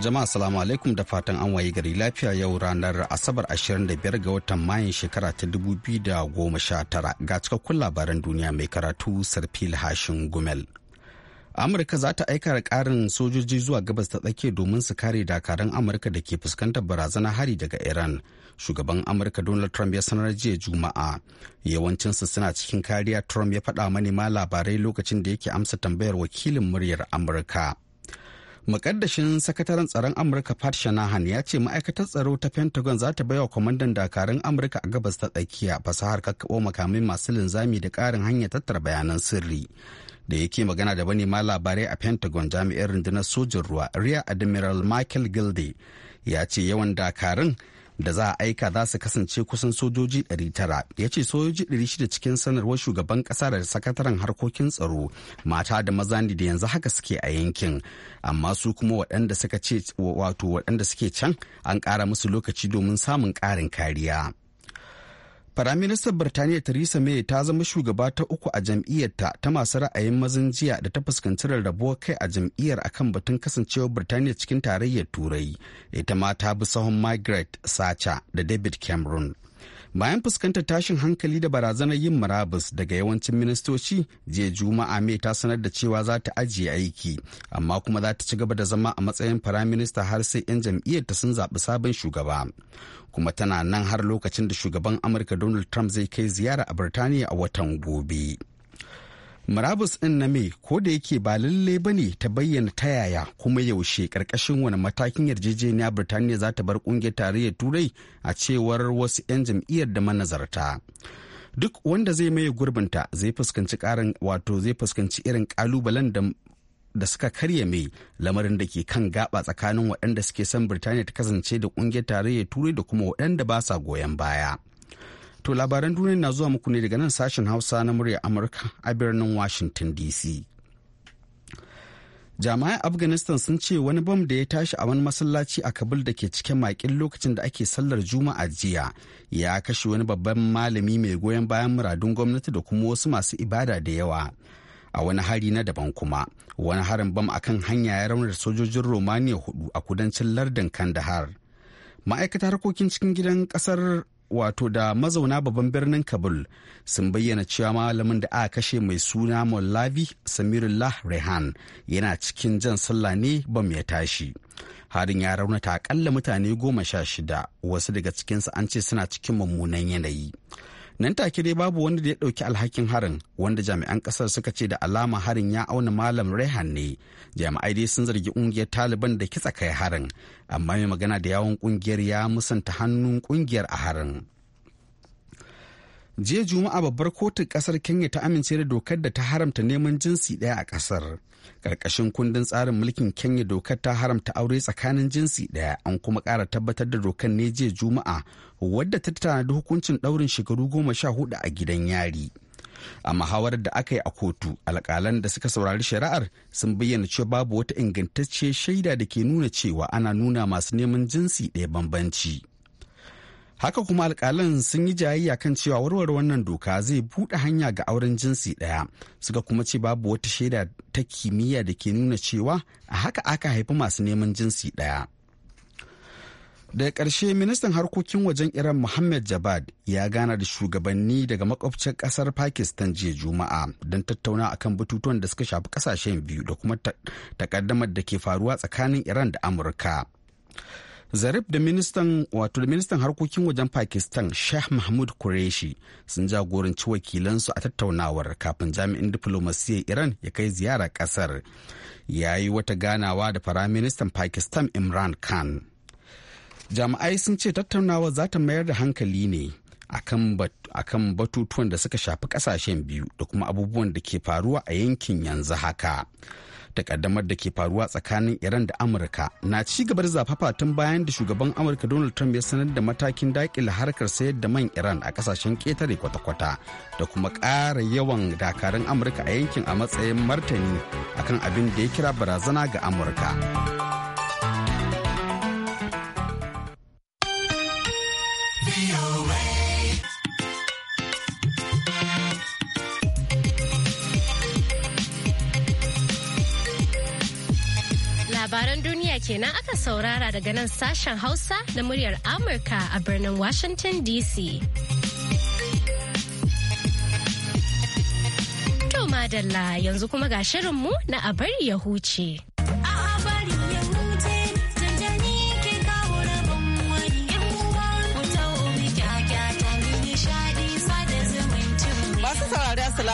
Jama'a salamu alaikum da fatan an waye gari lafiya yau ranar Asabar 25 ga watan mayan shekara ta 2019 ga cikakkun labaran duniya mai karatu Sarfil Hashin Gumel. Amurka za ta aika da ƙarin sojoji zuwa gabas ta tsakiya domin su kare dakarun Amurka da ke fuskantar barazana hari daga Iran. Shugaban Amurka Donald Trump ya sanar jiya Juma'a. Yawancinsu suna cikin kariya Trump ya faɗa manema labarai lokacin da yake amsa tambayar wakilin muryar Amurka. Makaddashin sakataren tsaron Amurka Pat Shanahan ya ce ma'aikatar tsaro ta Pentagon za ta baiwa kwamandan dakarun Amurka a gabas ta tsakiya fasahar kakkaɓo makamai masu linzami da ƙarin hanyar tattara bayanan sirri. Da yake magana da ma labarai a Pentagon jami'in rundunar sojin ruwa Rear Admiral Michael Gilde ya ce yawan dakarun da za a aika za su kasance kusan sojoji 900 ya ce sojoji 600 cikin sanarwar shugaban kasa da sakataren harkokin tsaro mata da maza ne da yanzu haka suke a yankin amma su kuma waɗanda suka ce wato waɗanda suke can an ƙara musu lokaci domin samun ƙarin kariya Firaministan Birtaniya Theresa May ta zama shugaba ta uku a jam'iyyarta ta masu ra'ayin mazan jiya da ta fuskanci rarrabuwar kai a jam'iyyar akan batun kasancewar Birtaniya cikin tarayyar Turai. Ita ma ta bi sahun Margaret Sacha da David Cameron. bayan fuskantar tashin hankali da barazanar yin murabus daga yawancin ministoci jiya juma'a mai ta sanar da cewa za ta ajiye aiki amma kuma za ta ci gaba da zama a matsayin firaminista har sai 'yan jam'iyyarta sun zaɓi sabon shugaba kuma tana nan har lokacin da shugaban amurka donald trump zai kai ziyara a birtaniya a watan gobe Murabus ɗin na mai ko da yake ba lalle ba ne ta bayyana ta yaya kuma yaushe ƙarƙashin wani matakin yarjejeniya Birtaniya za ta bar ƙungiyar tarayyar Turai a cewar wasu 'yan jam'iyyar da manazarta. Duk wanda zai maye gurbinta zai fuskanci ƙarin wato zai fuskanci irin ƙalubalen da da suka karya mai lamarin da ke kan gaba tsakanin waɗanda suke son Birtaniya ta kasance da ƙungiyar tarayyar Turai da kuma waɗanda ba sa goyon baya. To labaran duniya na zuwa muku ne daga nan sashen Hausa na murya Amurka a birnin Washington DC. Jami'an Afghanistan sun ce wani bam da ya tashi a wani masallaci a Kabul da ke cikin makin lokacin da ake sallar Juma'a jiya ya kashe wani babban malami mai goyon bayan muradun gwamnati da kuma wasu masu ibada da yawa. a wani hari na daban kuma wani harin bam akan hanya ya raunar sojojin romania hudu a kudancin lardin kandahar ma'aikatar harkokin cikin gidan kasar wato da mazauna babban birnin kabul sun bayyana cewa malamin da aka kashe mai suna mollavi samirullah rehan yana cikin jan sallah ne bam ya tashi harin ya raunata akalla mutane goma sha shida wasu daga cikinsu an ce suna cikin mummunan yanayi nan take dai babu wanda da ya ɗauki alhakin harin wanda jami'an ƙasar suka ce da alama harin ya auna malam rehan ne jami'ai dai sun zargi ƙungiyar taliban da kitsa kai harin amma mai magana da yawon ƙungiyar ya musanta hannun ƙungiyar a harin jiya juma'a babbar kotun ƙasar kenya ta amince da dokar da ta haramta neman jinsi ɗaya a ƙasar. karkashin kundin tsarin mulkin kenya dokar ta haramta aure tsakanin jinsi ɗaya an kuma ƙara tabbatar da dokar ne jiya juma'a wadda ta tanadi hukuncin ɗaurin shekaru goma sha hudu a gidan yari. a muhawarar da aka yi a kotu alkalan da suka saurari shari'ar sun bayyana cewa babu wata ingantacciyar shaida da ke nuna cewa ana nuna masu neman jinsi ɗaya bambanci haka kuma alkalan sun yi jayayya kan cewa warware wannan doka zai buɗe hanya ga auren jinsi ɗaya suka kuma ce babu wata shaida ta kimiyya da ke nuna cewa a haka aka haifi masu neman jinsi ɗaya daga ƙarshe ministan harkokin wajen iran muhammad jabad ya gana da shugabanni daga makwabcin ƙasar pakistan jiya juma'a don tattauna akan batutuwan da suka shafi ƙasashen biyu da kuma takaddamar da ke faruwa tsakanin iran da amurka zarif da ministan wato da ministan harkokin wajen pakistan shah mahmud qureshi sun jagoranci wakilansu a tattaunawar kafin jami'in diflomasiyyar iran ya kai ziyara ƙasar ya yi wata ganawa da faraministan pakistan imran khan jami'ai sun ce tattaunawar za ta mayar da hankali ne a kan batutuwan da suka shafi kasashen biyu da kuma abubuwan da ke faruwa a yankin yanzu haka takaddamar da ke faruwa tsakanin iran da amurka na ci gaba da zafafa tun bayan da shugaban amurka donald trump ya sanar da matakin daƙila harkar sayar da man iran a kasashen ƙetare kwata-kwata da kuma ƙara yawan dakarun amurka a yankin a matsayin martani akan abin da ya kira barazana ga amurka kenan aka saurara daga nan sashen Hausa na muryar Amurka a birnin Washington DC. To madalla yanzu kuma ga shirinmu na a bari ya huce.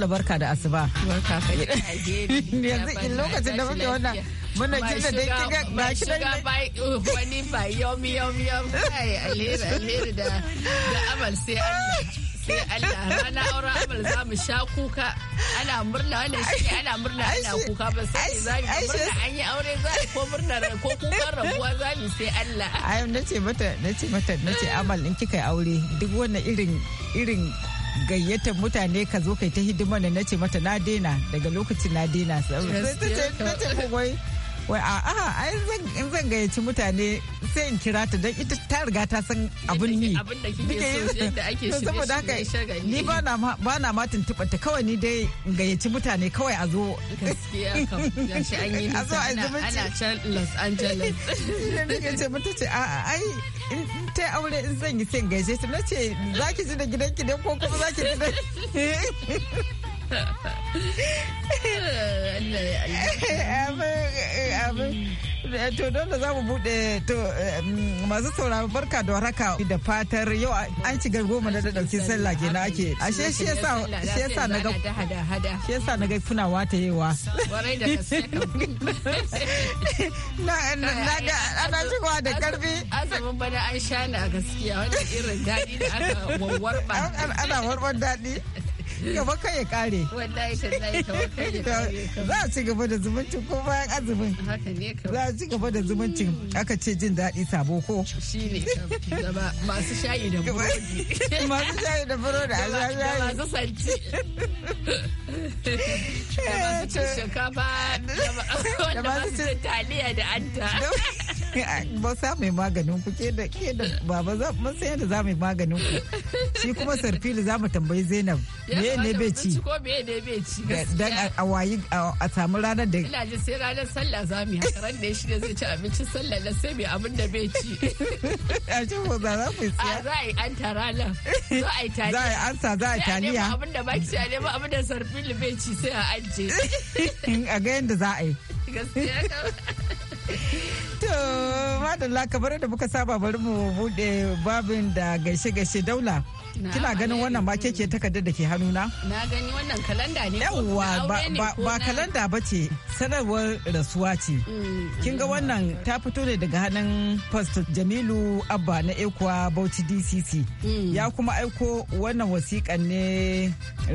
Dole barka da asuba. Barka ka Yanzu lokacin da muke wannan muna dai ba shi uh, wani ba yomi yomi yomi kai alheri alheri da da amal sai Allah Allah aure amal za mu sha kuka ana murna shi ana murna ana kuka ba sai za mu murna an yi aure za ko murna ko kukan rabuwa za mu sai Allah nace mata nace mata nace amal in kika aure duk wannan irin irin gayyatar mutane ka zo kai ta hidima da na ce mata na daina daga lokacin na daina sai ta ce wai wai a aha ai in zan gayyaci mutane sai in kira ta don ita ta riga ta san abun ni da ake saboda haka ni ba na ma tuntuba ta kawai ni dai in gayyaci mutane kawai a zo gaskiya kam gashi an yi ana can Los Angeles ne nake ce mata ce a ai in ta aure in zan yi sai in gayyace ta nace zaki ji da gidanki ne ko kuma zaki ji da to don da za mu bude to masu sauraro barka da waraka da fatar yau an shiga goma da dauki sallah ke na ake ashe shi yasa shi yasa na ga shi yasa na ga kuna wata yewa na na ga ana shigowa da karfi azumin bana an sha na gaskiya wannan irin dadi da aka warwar ba ana warwar dadi gaba kai ya kare ya kare za a ci gaba da zumuncin ko bayan azumin za a ci gaba da zumuncin aka ce jin daɗi sabo ko masu shayi da burodi masu shayi da burodi a masu santi da masu shinkafa da masu taliya da anta ba sa mai maganin ku ke da ke da baba za mu san yadda za mu maganin ku shi kuma sarfili za mu tambayi Zainab me ne bai ci ko me ne bai ci dan a wayi a samu ranar da ina ji sai ranar sallah za mu yi ran da shi ne zai ci abincin sallah da sai mai abin da bai ci a ce ko za za ku siya za a yi an tara za a yi taliya za a yi sa za a yi taliya abin da baki ci a nema abin da sarfili bai ci sai a ajiye a ga yadda za a yi gaskiya madalla kamar da muka saba bari mu bude babin da gaishe-gaishe daula. kina ganin wannan ba keke takardar da ke hannuna na gani wannan kalanda ne yawwa ba kalanda ba ce sanarwar rasuwa ce mm. kin ga wannan ta fito ne daga hannun pastor jamilu abba na ekwa bauchi dcc mm. ya kuma aiko wannan wasiƙan ne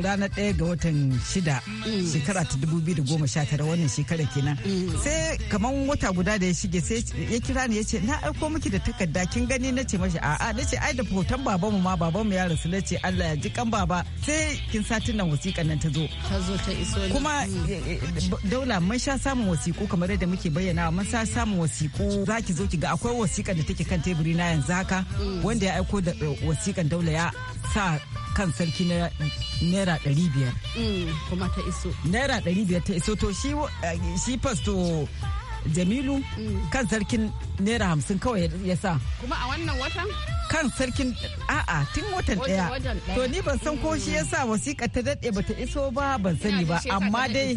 ranar ɗaya ga watan shida mm. shekara ta dubu biyu da goma sha tara wannan shekara kenan sai kaman wata guda da ya shige sai ya kira ni ya ce na aiko miki da takarda kin gani na ce mashi a'a na ce ai da hoton babanmu ma babanmu ya wasiƙar na ce Allah ya ji kan baba sai kin satin nan wasiƙa nan ta zo ta zo ta iso kuma eh, eh, eh, daula mun sha samun wasiƙu kamar yadda muke bayyana mun sha samun wasiƙu ki zo ki ga akwai wasiƙa da take kan teburi na yanzu haka mm. wanda ya aiko da wasiƙar daula ya sa kan sarki na naira ɗari biyar. Mm, kuma ta iso. Naira ɗari biyar ta iso to shi fasto jamilu mm. kan sarkin naira hamsin kawai ya sa kuma a wannan watan kan sarkin a'a tun watan daya to ni ban san ko shi yasa wasiƙa ta daɗe ba ta iso ba ban sani ba amma dai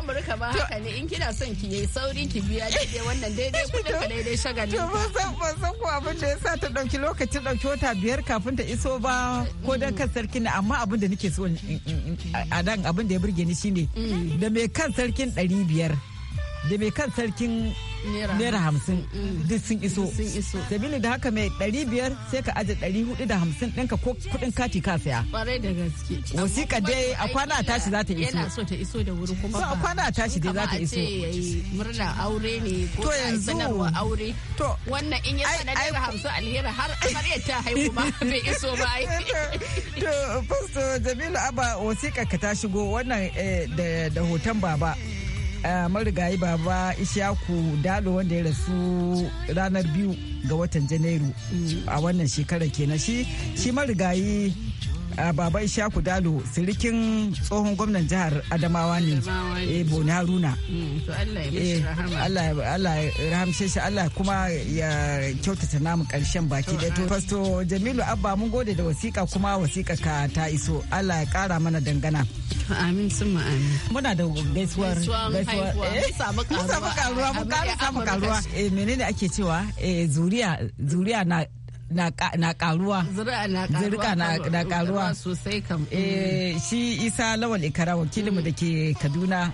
Amurka ba haka ne in kina son ki yi sauri ki biya daidai wannan daidai kudin ka daidai shagalin to ban san ban san ko abin da yasa ta ɗauki lokaci dauki wata biyar kafin ta iso ba ko dan kan sarkin amma abin da nake so a dan abin da ya burge ni shine ne mm. da mai kan sarkin ɗari biyar da mai kan sarkin naira hamsin mm. duk sun iso sabili da haka mai ɗari biyar sai ka aje ɗari hudu da hamsin ɗinka ko kuɗin kati ka saya ƙwarai da gaske wasiƙa dai a kwana a tashi za ta iso yana so ta iso da wuri kuma ba a kwana a tashi dai za ta iso murna aure ne ko to yanzu aure to wannan in ya sanar naira hamsin alheri har amarya ta haihu ma bai iso ba to pastor jamilu aba wasiƙa ka ta shigo wannan eh, da hoton baba Eh, marigayi baba ishaku dalo wanda ya rasu ranar biyu ga watan janairu a wannan shekarar kenan shi marigayi baban shaku dalo sirikin tsohon gwamnan jihar adamawa ne ebo eh, na haruna mm, eh, allah ya rahamshe shi allah kuma ya kyautata namu karshen baki da to fasto jamilu abba mun gode da wasiƙa kuma wasiƙa ka ta iso allah ya ƙara mana dangana amin sun amin muna da gaisuwar gaisuwar eh, mun samu karuwa mun samu karuwa menene ake cewa zuriya zuriya na na karuwa zirka na karuwa sosai kam eh shi isa lawal ikara wakilinmu da ke kaduna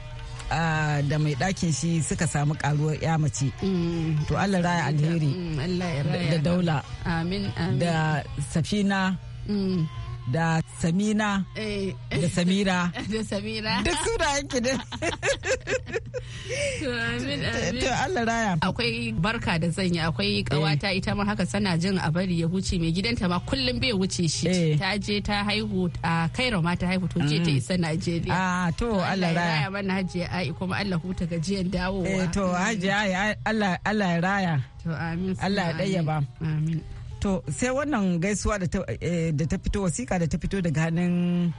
ah, da mai ɗakin shi suka samu karuwar ya mace. Mm. To Allah raya alheri mm, da daula amin, amin. da safina mm. da Samina eh. da Samira da Samira duk suna yake da to Allah raya akwai barka da zanya akwai kawata eh. ita ma haka sana jin a bari ya huce mai gidanta ma kullum bai wuce shi eh. ta je ta haihu a Kairo ma ta haihu to je ta mm. isa Najeriya a ah, to Allah raya mana hajiya ai kuma Allah huta gajiyan dawowa to hajiya ai Allah Allah ya raya to amin Allah ya dayyaba amin To sai wannan gaisuwa eh, da ta fito wasiƙa da ta fito daga hannun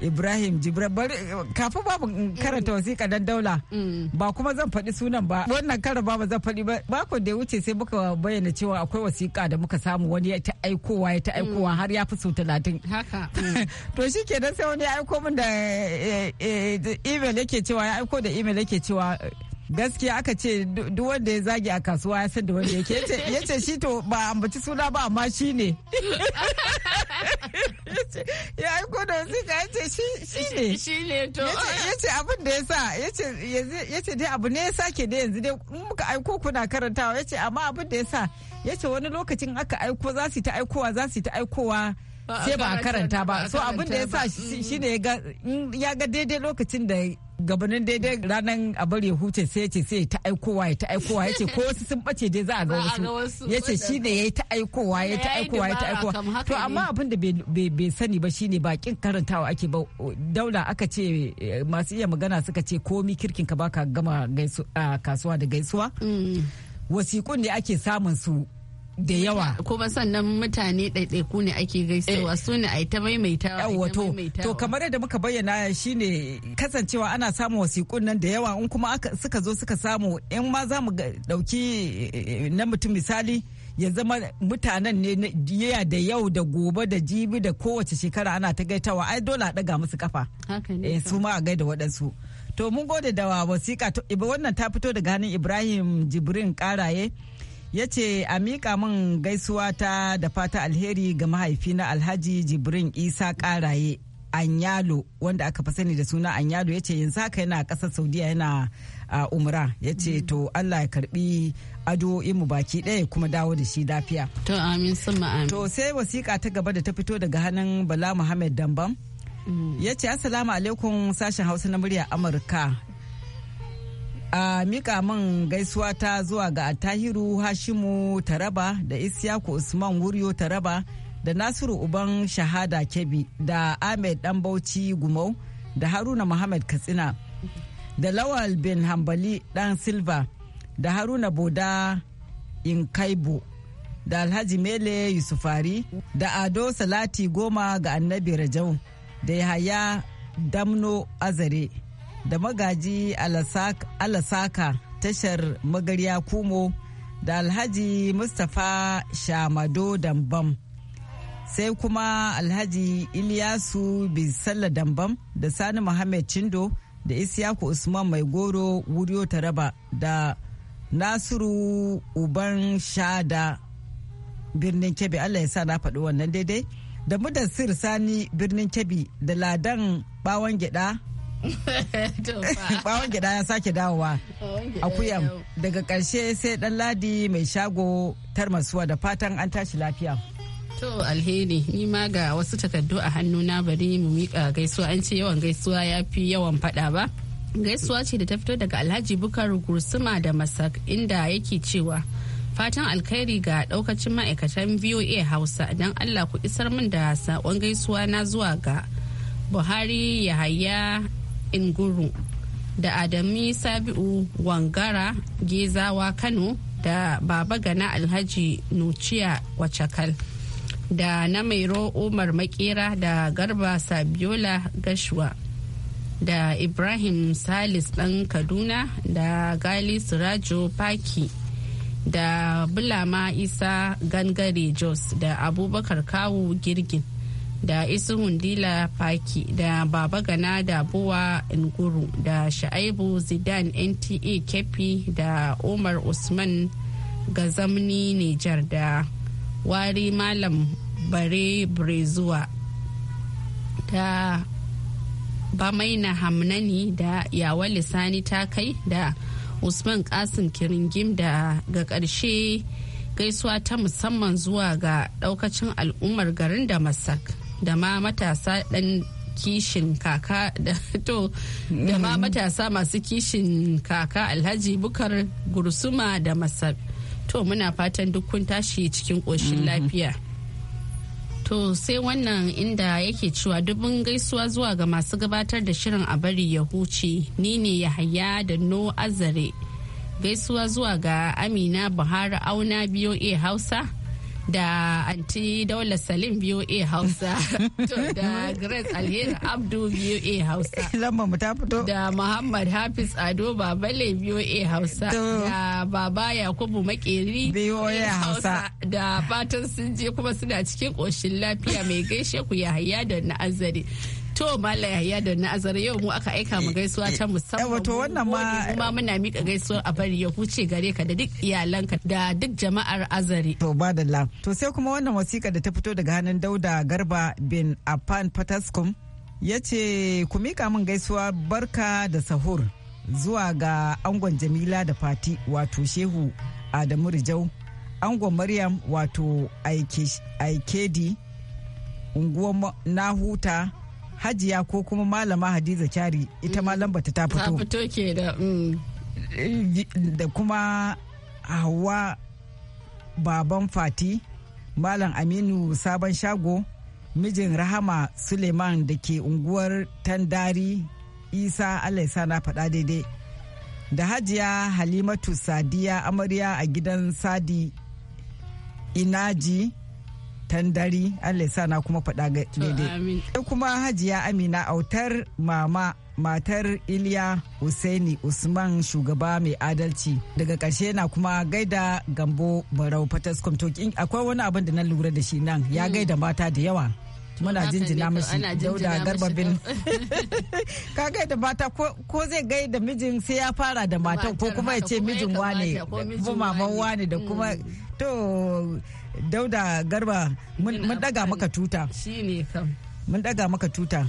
Ibrahim Jibril bari kafin babu karanta wasiƙa dan daula mm. ba kuma zan faɗi sunan ba wannan karan ba zan faɗi ba bako da ya wuce sai muka bayyana cewa akwai wasiƙa da muka samu wani ya ta aikowa ya ta aikowa mm. har ya fi so talatin. Haka. To shi kenan sai wani ya aiko min eh, eh, da email yake cewa ya aiko da email yake cewa gaskiya aka ce duk wanda ya zagi a kasuwa ya san da wanda yake ya ce shi to ba ambaci suna ba amma shi ne ya yi ko da wasiƙa ya ce shi ne shi ne to ya ce abin da ya sa ya ce dai abu ne ya sake da yanzu dai muka aiko kuna karantawa ya ce amma abin da ya sa ya ce wani lokacin aka aiko za su ta aikowa za su ta aikowa sai ba a karanta ba so abin da ya sa shi mm. ne ya ga daidai lokacin da gabanin daidai ranar a bari ya huce sai ce sai ta aikowa ya ta aikowa ya ce ko wasu sun bace dai za a ga wasu ya ce shi ne ya yi ta aikowa ya ta aikowa ya ta aikowa to amma abin da bai sani ba shine bakin karantawa ake ba daula aka ce eh, masu iya magana suka ce komi kirkin ka baka gama kasuwa da gaisuwa mm. wasiƙun ne ake samun su da yawa kuma sannan mutane ɗaiɗaiku ne ake gaisawa eh. su ne ai ta maimaitawa yawa to kamar yadda muka bayyana shine kasancewa ana samu wasiƙun nan da yawa in kuma suka zo suka samu in ma za mu ɗauki eh, na mutum misali ya zama mutanen ne yaya da yau da gobe da jibi da kowace shekara ana ta gaitawa ai dole a ɗaga musu kafa eh, su ma a gaida waɗansu to mun gode da wasiƙa wannan ta fito daga hannun ibrahim jibrin ƙaraye ya ce a miƙa min gaisuwa ta da fata alheri ga mahaifi na alhaji jibrin isa karaye anyalo wanda aka fi sani da suna anyalo ya ce yanzu haka yana ƙasar saudiya yana a umra ya ce mm. to allah ya karbi addu'o'in mu baki ɗaya kuma dawo da shi lafiya to amin summa amin to sai wasiƙa ta gaba da ta fito daga hannun bala muhammad dambam mm. ya ce assalamu alaikum sashen hausa na murya amurka a mika man gaisuwa ta zuwa ga tahiru hashimu taraba da isyaku usman Wuryo taraba da nasiru uban shahada kebi da ahmed dan bauchi gumau da haruna muhammad katsina da lawal bin hambali dan silva da haruna boda inkaibo da alhaji mele yusufari da ado salati goma ga annabi rajau da yahaya damno azare da magaji alasaka tashar magarya kumo da alhaji mustapha shamado dambam sai kuma alhaji iliyasu bisalla dambam da sani muhammad chindo da isyaku usman mai goro wuriyo taraba da nasiru uban shada birnin kebe allah ya sa na faɗi wannan daidai da mudassir sani birnin kebbi da ladan bawan gyada bawon gida ya sake dawowa akuyam daga karshe sai dan ladi mai shago tarmasuwa da fatan an tashi lafiya to alheri ni ma ga wasu takardu a hannu na bari mu mika gaisuwa an ce yawan gaisuwa ya fi yawan faɗa ba gaisuwa ce da ta fito daga alhaji bukar gursuma da masak inda yake cewa fatan alkhairi ga daukacin ma'aikatan voa hausa don allah ku isar min da saƙon gaisuwa na zuwa ga buhari yahaya inguru da adami sabi'u wangara gezawa kano da baba gana alhaji nuciya wacakal da na mairo umar makera da garba sabiola gashwa da ibrahim salis dan kaduna da gali sirajo paki da bulama isa gangare jos da abubakar kawu girgin da isuhun dila faki da baba gana da buwa nguru da sha'aibu zidan nta kefi da umar usman gazamni nijar da wari malam bare brezuwa da bamaina hamnani da yawa lisani ta kai da usman kasim kiringim da ga ƙarshe gaisuwa ta musamman zuwa ga daukacin al'ummar garin da masak da ma matasa dan kishin kaka da to da ma mm. matasa masu kishin kaka alhaji bukar gursuma da masar to muna fatan duk kun tashi cikin ƙoshin mm-hmm. lafiya to sai wannan inda yake cewa dubin gaisuwa zuwa ga masu gabatar da shirin a bari ya huce ni ne ya haya da no azare gaisuwa zuwa ga amina buhari auna a hausa da anti daula salim voa hausa da grace alheri abdu voa hausa da muhammad hafiz ado babale voa hausa da baba yakubu makeri voa hausa da fatan sun je kuma suna cikin koshin lafiya mai gaishe ku ya yahaya da na'azari to mala yahaya da na azar yau mu aka aika mu gaisuwa ta musamman eh, eh, wato wannan ma kuma muna mika gaisuwa a bari ya huce gare ka da duk iyalanka da duk jama'ar azari to badalla to sai kuma wannan wasika da ta fito daga hannun dauda garba bin afan fataskum ya ce ku mika min gaisuwa barka da sahur zuwa ga angon jamila da fati wato shehu adamu rijau angon maryam wato aikedi unguwar huta. hajiya ko kuma malama hadiza kyari ita ma mm. lambata ta fito mm. eh, da kuma hawa baban fati malam aminu sabon shago mijin rahama suleiman da ke unguwar tandari isa alaisa na faɗa daidai da hajiya halimatu sadiya amarya a gidan sadi inaji tandari allah ya sana na kuma faɗa daidai sai kuma hajiya amina autar mama matar iliya Hussaini usman shugaba mai adalci daga ƙarshe na kuma gaida gambo barau fatas to akwai wani abin da na lura da shi nan ya hmm. gaida mata da yawa muna jinjina mashi dauda garba bin ka gaida mata ko zai gaida mijin sai ya fara da matan ko kuma ya ce mijin wane ko maman wane da kuma hmm. to dauda garba mun daga maka tuta shine kam mun daga maka tuta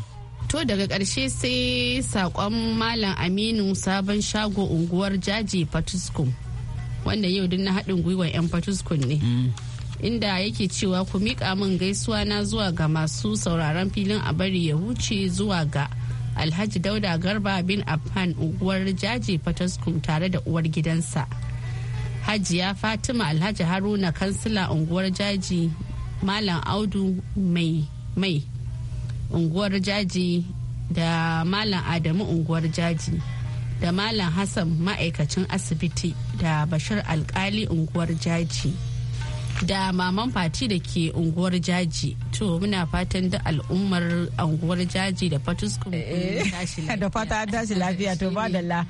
to daga ƙarshe sai saƙon malam aminu sabon shago unguwar jaji patuskum wanda yau din na haɗin gwiwa 'yan patuskum ne mm. inda yake cewa ku miƙa min gaisuwa na zuwa ga masu sauraron filin a bari ya huce zuwa ga alhaji dauda garba bin afan unguwar jaji patuskum tare da uwar gidansa hajiya fatima alhaji haruna kansila unguwar jaji malam audu mai mai unguwar jaji da malam adamu unguwar jaji da malam hassan ma'aikacin asibiti da bashir alkali unguwar jaji da maman fati da ke unguwar jaji to muna fatan da al'ummar unguwar jaji da fatuskun eh, eh, da fata an tashi lafiya to ba da la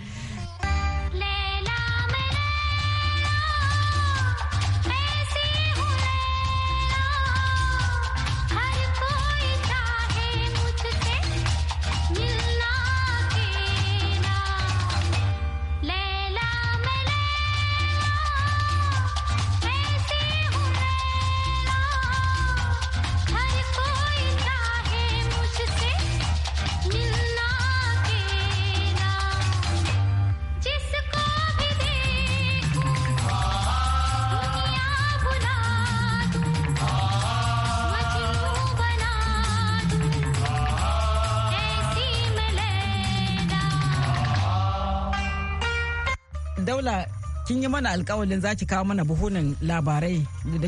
kin yi mana alkawalin za ki kawo mana buhunan labarai da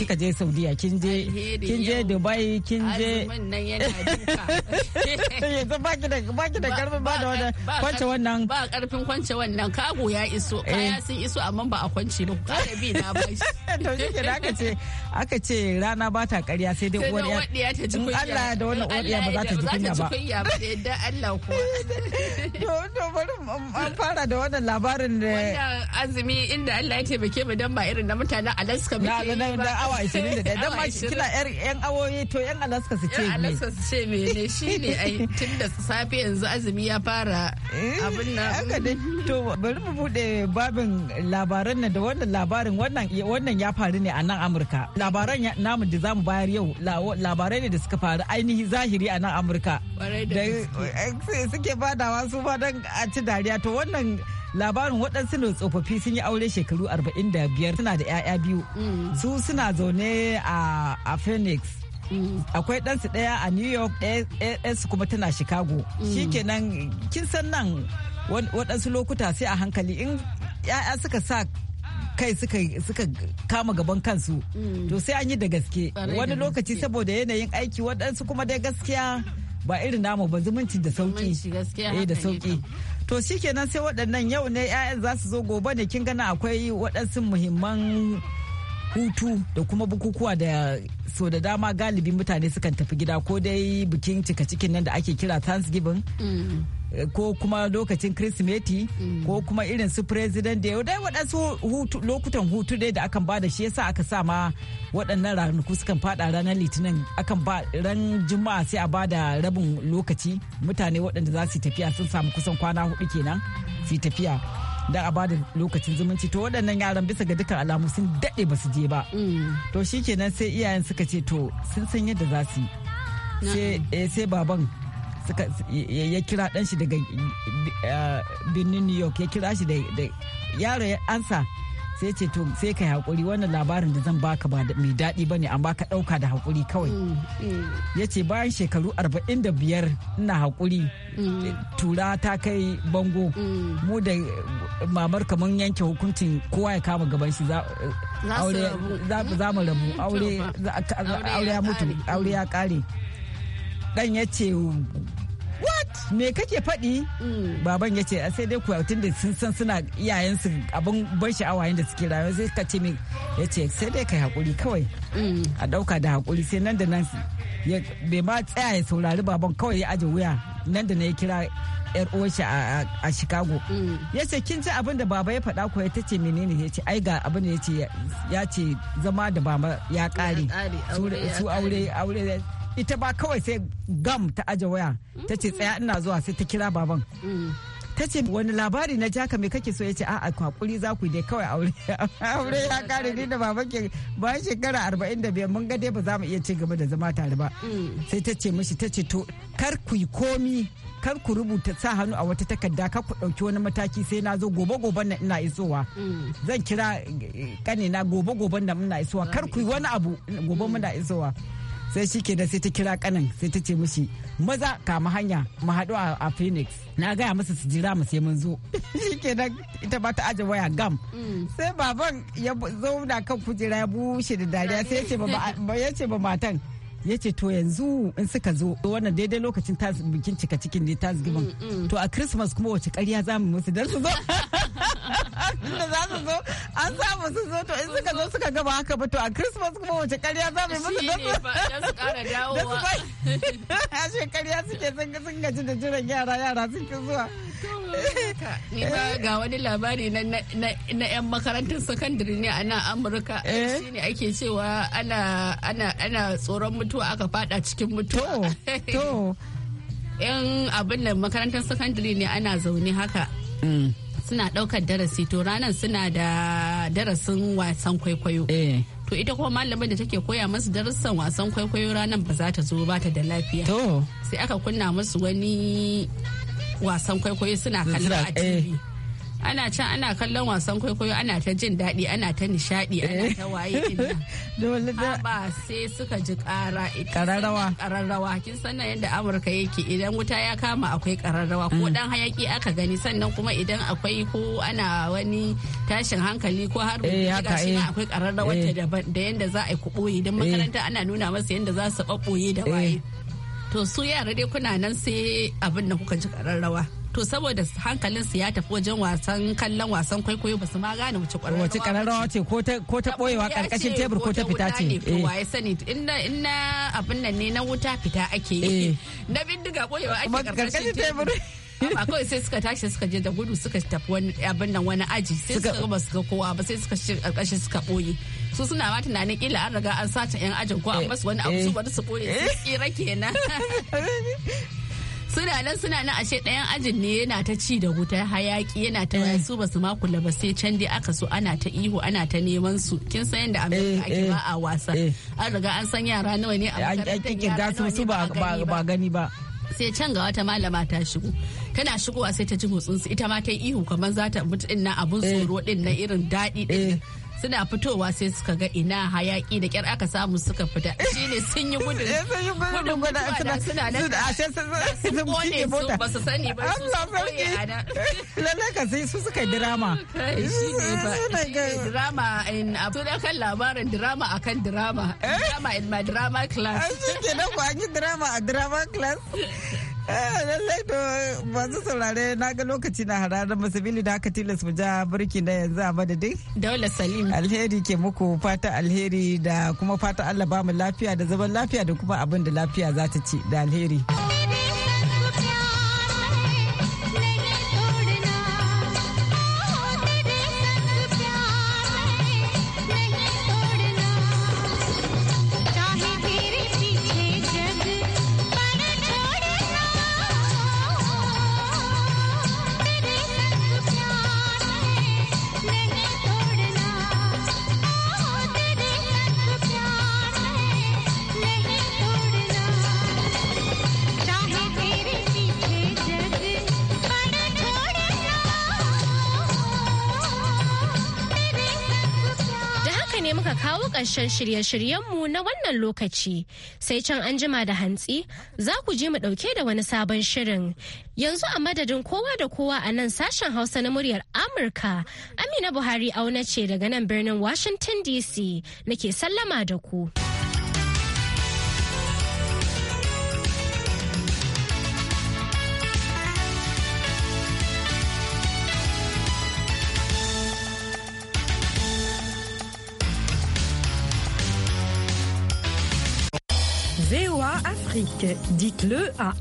kika je saudiya kin je kin je dubai kin je yanzu ba ki da ba ki da karfin ba da wannan kwance wannan ba karfin kwance wannan kago ya iso kaya eh. sun iso amma ba a kwance ba ku kare bi na ba to shi da aka ce aka ce rana ba ta karya sai dai uwar ya ta ji Allah da wannan uwar ya ba za ta ji kunya ba ba da Allah ko to to bari an fara da wannan labarin da wannan azumi inda Allah ya taimake mu dan ba irin na mutanen Alaska muke na na awa 21 dan ma kila yar yan awoyi to yan Alaska su ce me Alaska su ce me ne shine ai tun da safe yanzu azumi ya fara eh, abin nan haka dai to bari mu bude babin labaran nan da wannan labarin wannan wannan ya faru ne a nan Amurka labaran namu da zamu bayar yau labarai ne da suka faru ainihi zahiri a nan amurka da eh, suke badawa su ba a ci dariya to wannan labarin waɗansu ne tsofaffi sun yi aure shekaru 45 suna da 'ya'ya biyu mm. su suna zaune a phoenix mm. akwai ɗansu ɗaya a new york ɗaya kuma tana chicago mm. shikenan kin san nan waɗansu lokuta sai a hankali in 'ya'ya suka sa kai suka kama gaban kansu mm. to sai an yi da gaske wani lokaci saboda yanayin aiki waɗansu kuma dai gaskiya ba irin namu ba zumunci da sauki eh da sauki to shikenan sai waɗannan yau ne 'ya'yan za su zo gobe ne kin gana akwai waɗansu muhimman hutu da kuma bukukuwa da so da dama galibi mutane sukan tafi gida ko dai bikin cika cikin nan da ake kira thanksgiving mm. ko kuma lokacin kirsimeti mm. ko kuma irin su president da dai waɗansu lokutan hutu dai da akan da shi yasa aka sa ma waɗannan ranaku sukan fada ranar litinin akan ba ran juma'a sai a bada rabin lokaci mutane waɗanda za su tafiya sun samu kusan kwana hudu kenan su tafiya da a bada lokacin zumunci to waɗannan yaran bisa ga dukkan alamu sun daɗe ba su je ba mm. to shi kenan sai iyayen suka ce to sun san yadda za su yi eh, sai baban ya kira dan shi daga eh, birnin new york ya kira shi da yaro ya ansa sai ce to sai ka haƙuri wannan labarin da zan baka ba mai daɗi ba ne amma ka ɗauka da hakuri kawai mm, mm. ya ce bayan shekaru 45 ina haƙuri mm. tura ta kai bango mu da mamar kamar yanke hukuncin kowa ya kama gaban shi za mu rabu aure ya mutu aure ya ƙare dan ya ce what me kake faɗi mm. baban ya ce a sai dai kuwa da sun san suna iyayensu abin ban sha'awa yadda suke rayuwa sai ka ce min ya ce sai dai kai hakuri kawai mm. a ɗauka da hakuri sai nan da nan bai ma tsaya ya saurari baban kawai ya aje wuya nan da na ya kira yar uwarsa a chicago mm. ya ce kin ji abin da baba ya faɗa kuwa ta ce menene ya ce ai ga abin da ya ce ya ce zama da baba ya ƙare su aure aure ita ba kawai sai gam ta aje waya ta ce tsaya ina zuwa sai ta kira baban ta ce wani labari na jaka mai kake so ya ce a'a kwakuri za ku dai kawai aure aure ya kare ni da baban ke bayan shekara arba'in da biyar mun ga dai ba za mu iya ci gaba da zama tare ba sai ta ce mishi ta ce to kar ku yi komi kar ku rubuta sa hannu a wata takarda kar ku ɗauki wani mataki sai na zo gobe goben nan ina isowa zan kira kanina gobe goben nan ina isowa kar ku yi wani abu gobe muna isowa sai shi da sai ta kira kanin sai ta ce mushi maza kama hanya mu haɗu a phoenix na gaya masa su jira mu sai mun zo shi ke da ita ba ta aje waya gam mm. sai baban ya zauna kan kujera ya bushe da dariya sai ya ce ba matan ya ce to yanzu in suka zo wannan daidai lokacin bikin cika cikin ne tasgibin mm, mm. to a christmas kuma wace karya za mu musu don su zo da za su zo an samu su zo to in suka zo suka gaba haka ba to a christmas kuma wace karya za mu musu don su kara dawowa a shekarya suke sun gaji da jiran yara yara sun zuwa nima eh. ga wani labari na yan makarantar sakandare ne a nan Amurka. Eh. Shi ne ake cewa ana tsoron mutuwa aka fada cikin mutuwa. To. Yan abin da makarantar sakandare ne ana zaune haka. Mm. Suna ɗaukar darasi to ranar suna da darasin wasan kwaikwayo. Eh. To ita kuma malamin da take koya masu darussan wasan kwaikwayo ranar ba za ta zo ba ta da lafiya. Sai aka kunna musu wani wasan kwaikwayo suna kallon a eh. tv ana can ana kallon wasan kwaikwayo ana ta jin daɗi ana ta nishaɗi ana eh. ta waye ina haɓa sai suka ji ƙara eh, ƙararrawa ƙararrawa kin san yadda amurka yake idan wuta ya kama akwai ƙararrawa ko dan mm. hayaki aka gani sannan kuma idan akwai ko ana wani tashin hankali ko har haka shi akwai ƙararrawa ta da yadda za a yi ku idan makaranta ana nuna masa yadda za su ɓaɓɓoye da waye to su yara dai kuna nan sai abin da kuka ji kararrawa to saboda hankalin su ya tafi wajen wasan kallon wasan kwaikwayo ba su ma gane wace kwararrawa wace kararrawa ce ko ta boyewa karkashin tebur ko ta fita ce eh waye sani in na abin nan ne na wuta fita ake yi eh. na bindiga boyewa ake karkashin tebur ba kawai sai suka tashi suka je da gudu suka tafi wani abin nan wani aji sai suka ba suka kowa ba sai suka shi karkashin suka boye su suna ma tunanin kila an riga an sace yan ajin ko an basu eh, wani abu su eh. bari su boye eh. su kira kenan suna nan suna nan ashe ɗayan ajin ne yana ta ci da wuta hayaki yana ta su basu ma kula ba sai can dai aka so ana ta ihu ana ta neman su kin san yadda amerika ake ba a wasa an riga an san yara nawa ne a makarantar yara nawa ne ba gani ba sai can ga wata malama ta shigo tana shigowa sai ta ji motsinsu ita ma ta yi ihu kamar za ta mutu na abun tsoro din na irin daɗi din suna fitowa sai suka ga ina hayaki da kyar aka samu suka fita shine sun yi gudun eh, gudun gudun suna gudun sun gudun su ba su sani ba su sun kone a nan lallai ka sai su suka drama drama in abu da kan labarin drama akan drama eh? drama in my drama class an shi kenan an yi drama a drama class Eh, lallai to masu saurare na ga lokaci na hararar masabili da aka tilas mu ja birki na yanzu a madadin daula salim alheri ke muku fata alheri da kuma fata allah ba mu lafiya da zaman lafiya da kuma abin da lafiya za ta ci da alheri. ƙarshen shirye mu na wannan lokaci sai can an jima da hantsi za ku je mu ɗauke da wani sabon shirin yanzu a madadin kowa da kowa a nan sashen hausa na muryar amurka amina buhari auna ce daga nan birnin washington dc nake sallama da ku. Dites-le à un...